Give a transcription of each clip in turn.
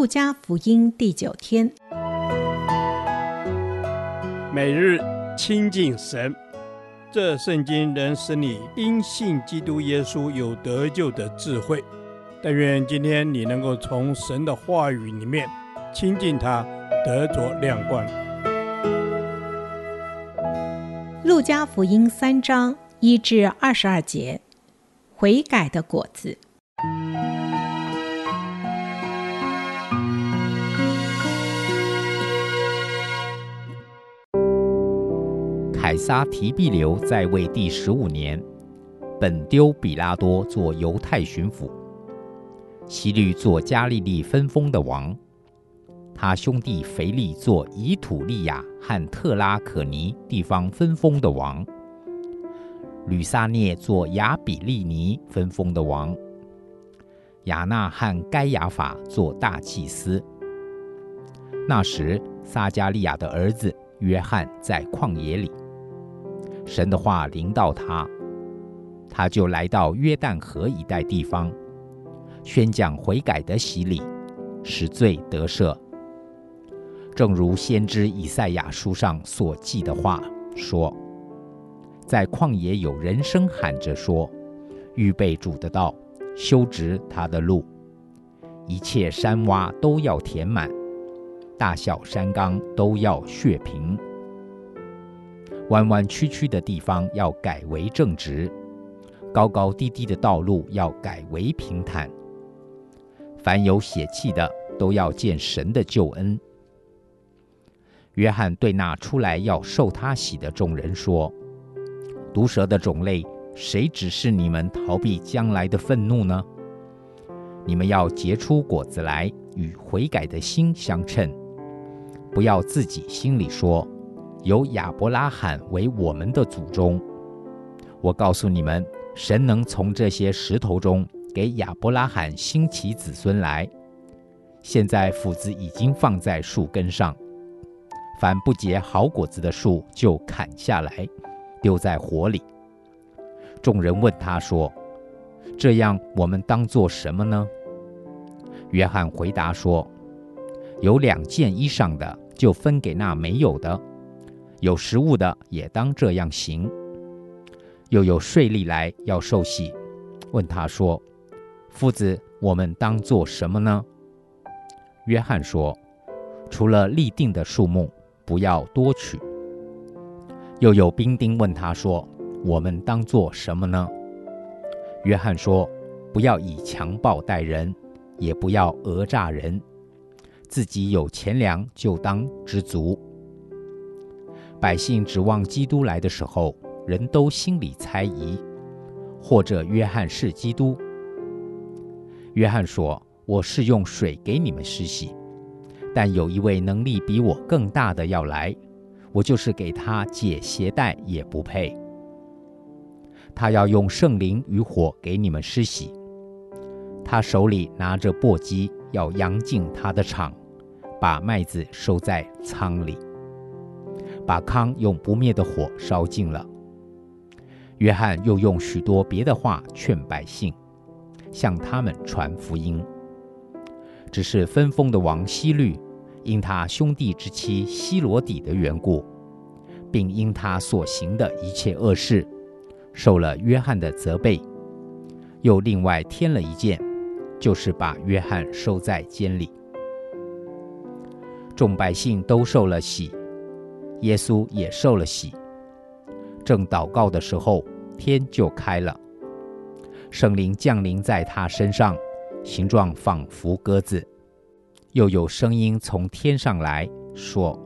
路加福音第九天，每日親近神，這聖經能使你因信基督耶穌有得救的智慧。但願今天你能夠從神的話語裡面親近他，得着亮光。路加福音三章一至二十二節，悔改的果子。凱撒提庇留在位第十五年，本丟比拉多做猶太巡撫，希律做加利利分封的王，他兄弟腓利做以土利亞和特拉可尼地方分封的王，呂撒聶做亞比利尼分封的王，亞那和該亞法做大祭司。那時，撒迦利亞的兒子約翰在曠野裡。神的話臨到他，他就來到約旦河一帶地方，宣講悔改的洗禮，使罪得赦。正如先知以賽亞書上所記的話說：“在曠野有人聲喊着說，預備主的道，修直他的路。一切山窪都要填滿，大小山岡都要削平。”彎彎曲曲的地方要改為正直，高高低低的道路要改為平坦。凡有血氣的，都要見神的救恩。約翰對那出來要受他洗的眾人說：“毒蛇的種類，誰指示你們逃避將來的憤怒呢？你們要結出果子來，與悔改的心相稱，不要自己心裡說。”有亞伯拉罕為我們的祖宗。我告訴你們，神能從這些石頭中給亞伯拉罕興起子孫來。現在斧子已經放在樹根上，凡不結好果子的樹就砍下來，丟在火裡。眾人問他說：“這樣我們當做什麼呢？”約翰回答說：“有兩件衣裳的，就分給那沒有的。”有食物的也當這樣行。又有稅吏來要受洗，問他說：“夫子，我們當做什麼呢？”約翰說：“除了立定的數目，不要多取。”又有兵丁問他說：“我們當做什麼呢？”約翰說：“不要以強暴待人，也不要訛詐人。自己有錢糧，就當知足。”百姓指望基督來的時候，人都心裡猜疑，或者約翰是基督。約翰說：“我是用水給你們施洗，但有一位能力比我更大的要來，我就是給他解鞋帶也不配。他要用聖靈與火給你們施洗。他手裡拿着簸箕，要揚淨他的場，把麥子收在倉裡。”把糠用不滅的火燒盡了。約翰又用許多別的話勸百姓，向他們傳福音。只是分封的王希律，因他兄弟之妻希羅底的緣故，並因他所行的一切惡事，受了約翰的責備，又另外添了一件，就是把約翰收在監裡。眾百姓都受了洗。耶穌也受了洗，正禱告的時候，天就開了，聖靈降臨在他身上，形狀仿佛鴿子。又有聲音從天上來，說：“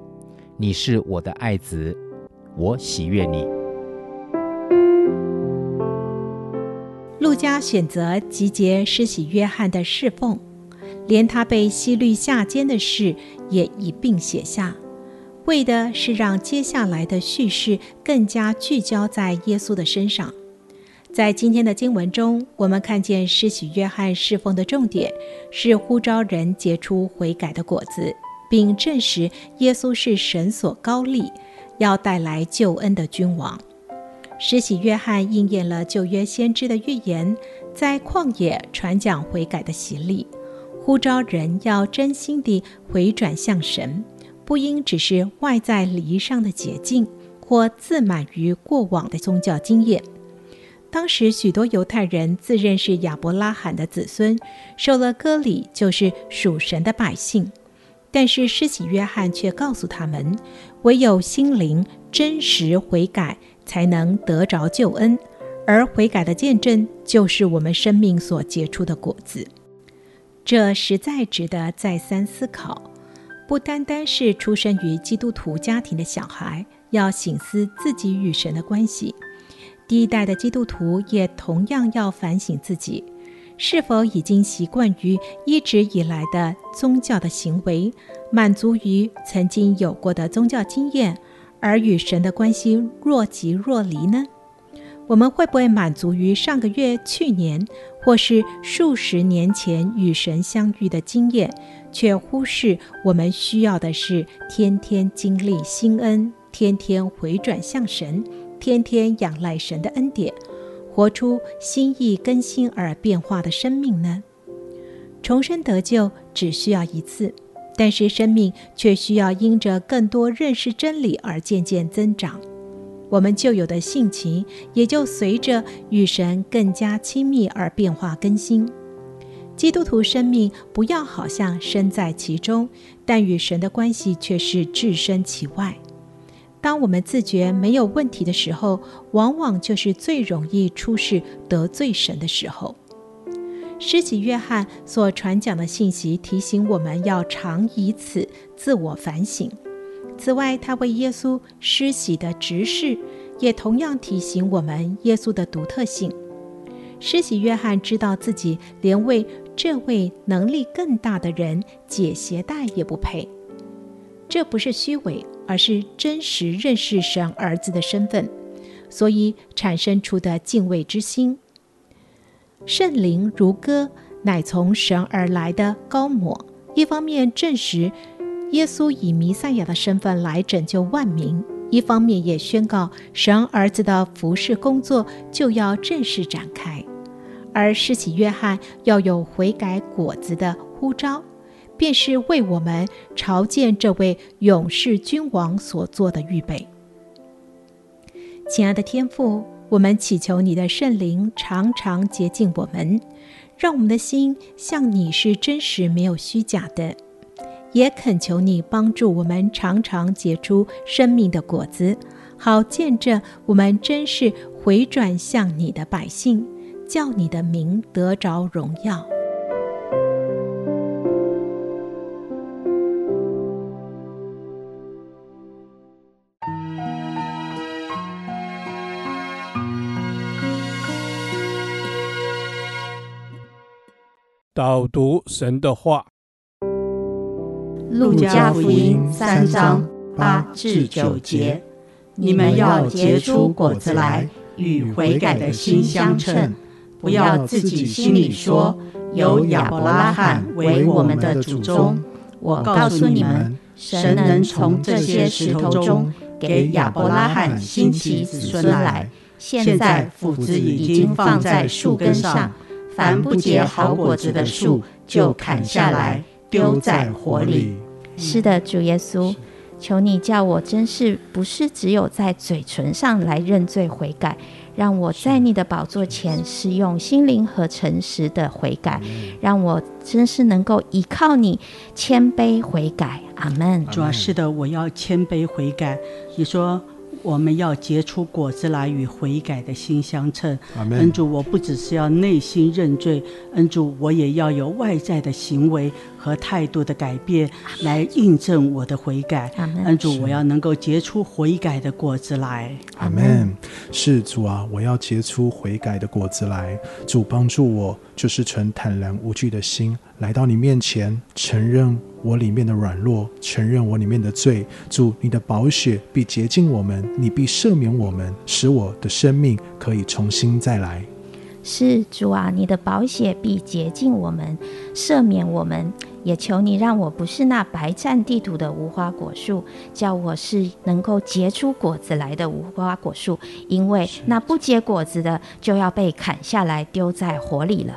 你是我的愛子，我喜悅你。”路加選擇集結施洗約翰的事奉，連他被希律下監的事也一併寫下。為的是讓接下來的敘事更加聚焦在耶穌的身上。在今天的經文中，我們看見施洗約翰侍奉的重點是呼召人結出悔改的果子，並證實耶穌是神所膏立、要帶來救恩的君王。施洗約翰應驗了舊約先知的預言，在曠野傳講悔改的洗禮，呼召人要真心地回轉向神。不應只是外在禮儀上的潔淨，或自滿於過往的宗教經驗。當時許多猶太人自認是亞伯拉罕的子孫，受了割禮就是屬神的百姓。但是施洗約翰卻告訴他們，唯有心靈真實悔改，才能得着救恩。而悔改的見證，就是我們生命所結出的果子。這實在值得再三思考。不單單是出生於基督徒家庭的小孩要省思自己與神的關係，第一代的基督徒也同樣要反省自己，是否已經習慣於一直以來的宗教的行為，滿足於曾經有過的宗教經驗，而與神的關係若即若離呢？我們會不會滿足於上個月、去年？或是數十年前與神相遇的經驗，卻忽視我們需要的是天天經歷新恩，天天回轉向神，天天仰賴神的恩典，活出心意更新而變化的生命呢？重生得救只需要一次，但是生命卻需要因着更多認識真理而漸漸增長。我們舊有的性情也就隨着與神更加親密而變化更新。基督徒生命不要好像身在其中，但與神的關係卻是置身其外。當我們自覺沒有問題的時候，往往就是最容易出事得罪神的時候。施洗約翰所傳講的信息提醒我們要常以此自我反省。此外，他為耶穌施洗的執事也同樣提醒我們耶穌的獨特性。施洗約翰知道自己連為這位能力更大的人解鞋帶也不配，這不是虛偽，而是真實認識神兒子的身份，所以產生出的敬畏之心。聖靈如鴿，乃從神而來的膏抹，一方面證實。耶穌以彌賽亞的身份來拯救萬民，一方面也宣告神兒子的服侍工作就要正式展開，而施洗約翰要有悔改果子的呼召，便是為我們朝見這位永世君王所做的預備。親愛的天父，我們祈求你的聖靈常常潔淨我們，讓我們的心向你是真實沒有虛假的。也懇求你幫助我們，常常結出生命的果子，好見證我們真是回轉向你的百姓，叫你的名得着榮耀。導讀神的話。路加福音三章八至九節，你們要結出果子來，與悔改的心相稱，不要自己心裡說：“有亞伯拉罕為我們的祖宗。”我告訴你們，神能從這些石頭中給亞伯拉罕興起子孫來。現在斧子已經放在樹根上，凡不結好果子的樹，就砍下來丟在火裡。是的，主耶穌，求你叫我真是不是只有在嘴唇上來認罪悔改，讓我在你的寶座前使用心靈和誠實的悔改，讓我真是能夠依靠你謙卑悔改。阿門。主啊，是的，我要謙卑悔改。你說我們要結出果子來，與悔改的心相稱。阿們。恩主，我不只是要內心認罪，恩主，我也要有外在的行為，和態度的改變來印證我的悔改，是主，我要能夠結出悔改的果子來。阿門 Amen。是主啊，我要結出悔改的果子來。主幫助我，就是存坦然無懼的心來到你面前，承認我裡面的軟弱，承認我裡面的罪。主，你的寶血必潔淨我們，你必赦免我們，使我的生命可以重新再來。是主啊，你的寶血必潔淨我們，赦免我們。也求你讓我不是那白占地土的無花果樹，叫我是能夠結出果子來的無花果樹，因為那不結果子的就要被砍下來丟在火裡了。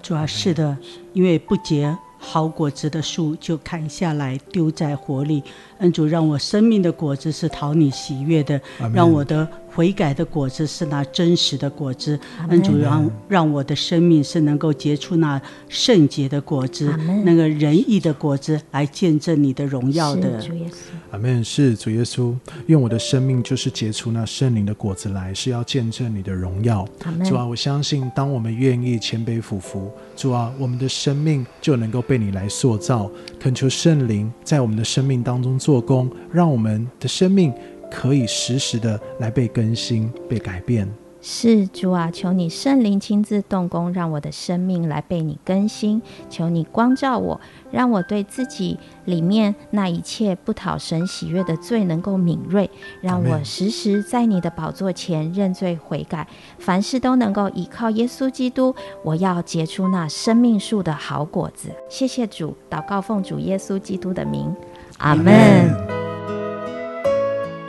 主啊，是的，因為不結好果子的樹就砍下來丟在火裡。恩主，讓我生命的果子是討你喜悅的，讓我的。悔改的果子是那真實的果子，恩們主讓讓我的生命是能夠結出那聖潔的果子，們那個仁義的果子來見證你的榮耀的。阿門，是主耶穌，用我的生命就是結出那聖靈的果子來，是要見證你的榮耀。們主啊，我相信當我們願意謙卑俯伏，主啊，我們的生命就能夠被你來塑造，懇求聖靈在我們的生命當中做工，讓我們的生命。可以實時的來被更新、被改變。是主啊，求你聖靈親自動工，讓我的生命來被你更新。求你光照我，讓我對自己裡面那一切不討神喜悅的罪能夠敏銳，讓我時時在你的寶座前認罪悔改。凡事都能夠依靠耶穌基督。我要結出那生命樹的好果子。謝謝主，禱告奉主耶穌基督的名，阿門 Amen。